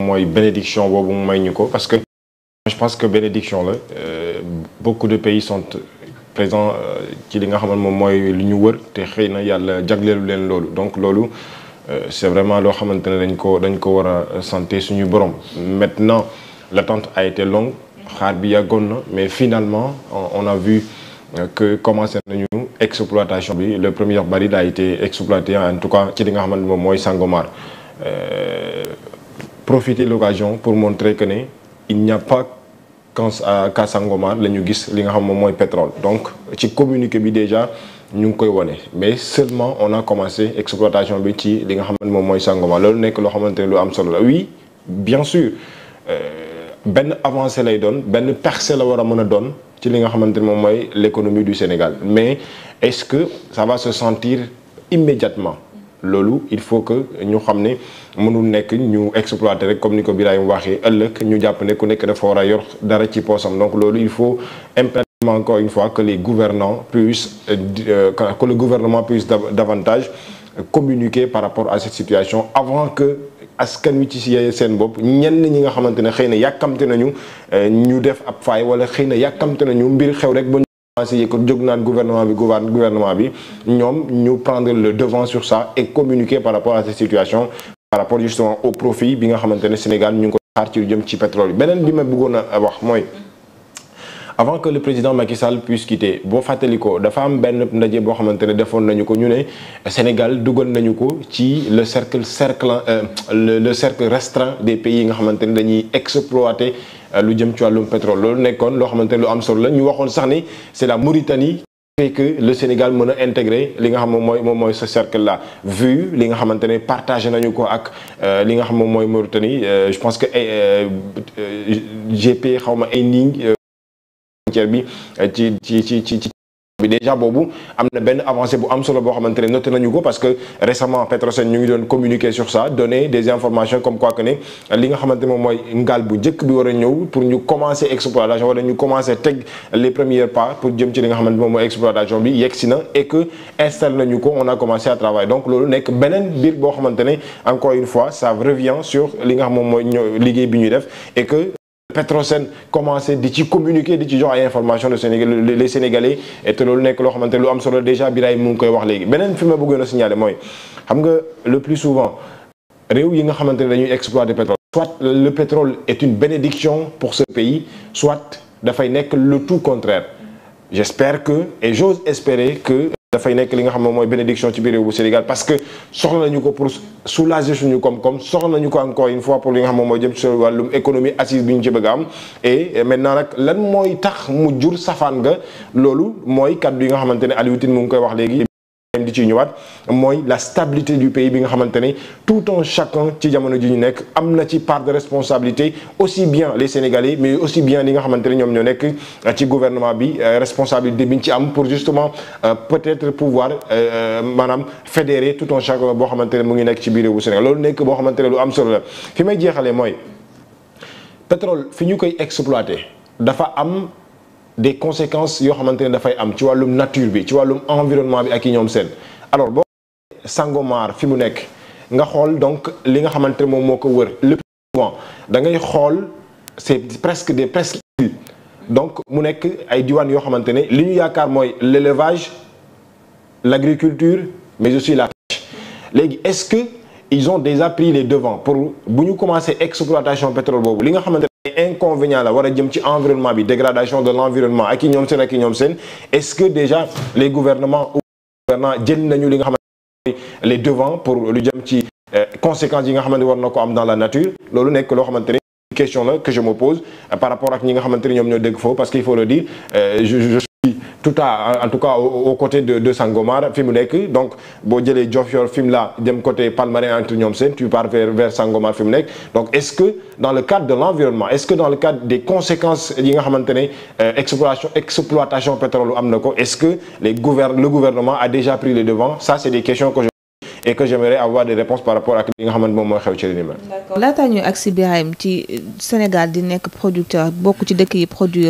moi bénédiction parce que je pense que bénédiction euh, beaucoup de pays sont présents qui euh, li nga xamante moom mooy li wër donc l'eau euh, c'est vraiment le xamante dañ ko dañ ko santé suñu borom maintenant l'attente a été longue xaar bi mais finalement on a vu euh, que commencer l'exploitation exploitation bi le premier baril a été exploité en tout cas qui li nga xamante il profiter de l'occasion pour montrer qu'il n'y a pas euh, qu'à Sangomar nugis, pétrole donc ci communiqué déjà nous mais seulement on a commencé exploitation de oui bien sûr Ben avancée la l'économie du Sénégal mais est-ce que ça va se sentir immédiatement loolu il faut que ñu xamné mënul nek ñu exploiter rek comme ni ko Birahim waxee ëllëg ñu japp né ku nek dafa war yor dara ci posam donc loolu il faut impérativement encore une fois que les gouvernants puissent euh, que le gouvernement puisse davantage communiquer par rapport à cette situation avant que askan wi ci sen bopp ñenn ñi nga xamante ne xëy na nañu euh, ñu def ab fay wala xeyna na nañu mbir xew rek ba commencé yëkkat jóg gouvernement bi gouvernement bi ñom ñu prendre le devant sur ça et communiquer par rapport à cette situation par rapport justement au profit bi nga xamantene Sénégal ñu ko xaar ci lu jëm ci pétrole benen beneen bi ma bëggoon wax moy avant que le président Macky Sall puisse quitter bon fateliko ko dafa am ben ndaje bo xamantene defon nañu ko ñu Sénégal duggal nañu ko ci le cercle cercle euh, le cercle restreint des pays nga xamantene dañuy exploiter euh, lu jëm ci walum pétrole loolu nekkoon lo xamante lu am solo la ñu waxoon sax ni c'est la Mauritanie que le Sénégal mën intégrer li nga xam moy moy ce cercle là vu li nga xamante partager nañu ko ak euh, li nga xam moy Mauritanie euh, je pense que GP xawma ma ay niñ bi ci ci ci ci bi déjà bobu amna ben benn avancée bu am solo bo xamantene noté nañu ko parce que récemment Petrosen ñu ngi doon communiquer sur ça donner des informations comme quoi que né li nga xamantene moom mooy ngaal bu njëkk bi wara ñëw pour ñu commencer exploitation wala ñu commencer tek les premiers pas pour jëm ci li nga xamantene moom mooy exploitation bi yegg na et que installer nañu ko on a commencé à travailler donc lolu nek benen bir bo xamantene encore une fois ça revient sur li nga xam moy mooy liggéey bi ñuy def et que Petrosen commencé dit communiquer à information de les Sénégalais et tout le monde déjà signaler le plus souvent a pétrole soit le pétrole est une bénédiction pour ce pays soit le tout contraire j'espère que et j'ose espérer que dafay nekk li nga xam ne mooy bénédiction ci biir réew bu Sénégal parce que soxla nañu ko pour soulager suñu koom-koom soxla nañu ko encore une fois pour li nga xam ne mooy jëm ci wàllum économie assise bi ñu ci bëgg a am et maintenant nag lan mooy tax mu jur safaan ga loolu mooy kàddu yi nga xamante ne Alioune Tine mu ngi koy wax léegi di la stabilité du pays bi nga tout en chacun ci jamono ji ñu nekk ci part de responsabilité aussi bien les Sénégalais mais aussi bien li nga xamante ne ñoo nekk euh, ci gouvernement bi euh, responsabilité biñ ci am pour justement euh, peut-être pouvoir Madame, fédérer tout en chacun bo xamante ne mu ngi nekk ci biir réewu Sénégal lolu nekk bo xamante ne lu am solo fi may pétrole fi ñu koy exploité dafa am des conséquences yo xamantene da fay am ci walum nature bi ci walum environnement bi ak yi ñoom alors bo Sangomar fi mu nek nga xol donc li nga xamantene mom moko wër le plus souvent da ngay xol c'est presque des presque donc mu nek ay diwaan yo xamantene ne li ñu yaakaar mooy l'élevage l'agriculture mais aussi la pêche légui est-ce que ils ont déjà pris les devants pour buñu commencer exploitation pétrole bobu li nga xamantene inconvénient la wara jëm ci environnement bi dégradation de l'environnement ak ñom sen ak ñom sen est-ce que déjà les gouvernements ou gouvernants jël nañu li nga xamanteni les devants pour lu jëm ci euh, conséquences yi nga xamanteni war na ko am dans la nature lolu nek lo xamanteni question là que je me pose euh, par rapport à ñi nga xamante ne ñoo dégg parce qu'il faut le dire euh, je tout à en tout cas aux côtés de de Sangomar Fimnek. donc boo Joffior Fimla, d'un côté Palmarin entre tu pars vers vers Sangomar Fimnek. donc est-ce que dans le cadre de l'environnement est-ce que dans le cadre des conséquences yi nga euh, exploitation pétrole am est-ce que les le gouvernement a déjà pris les devants ça c'est des questions que je et que j'aimerais avoir des réponses par rapport à li nga xamante moom xew ci ni D'accord Sénégal di producteur beaucoup de produits yi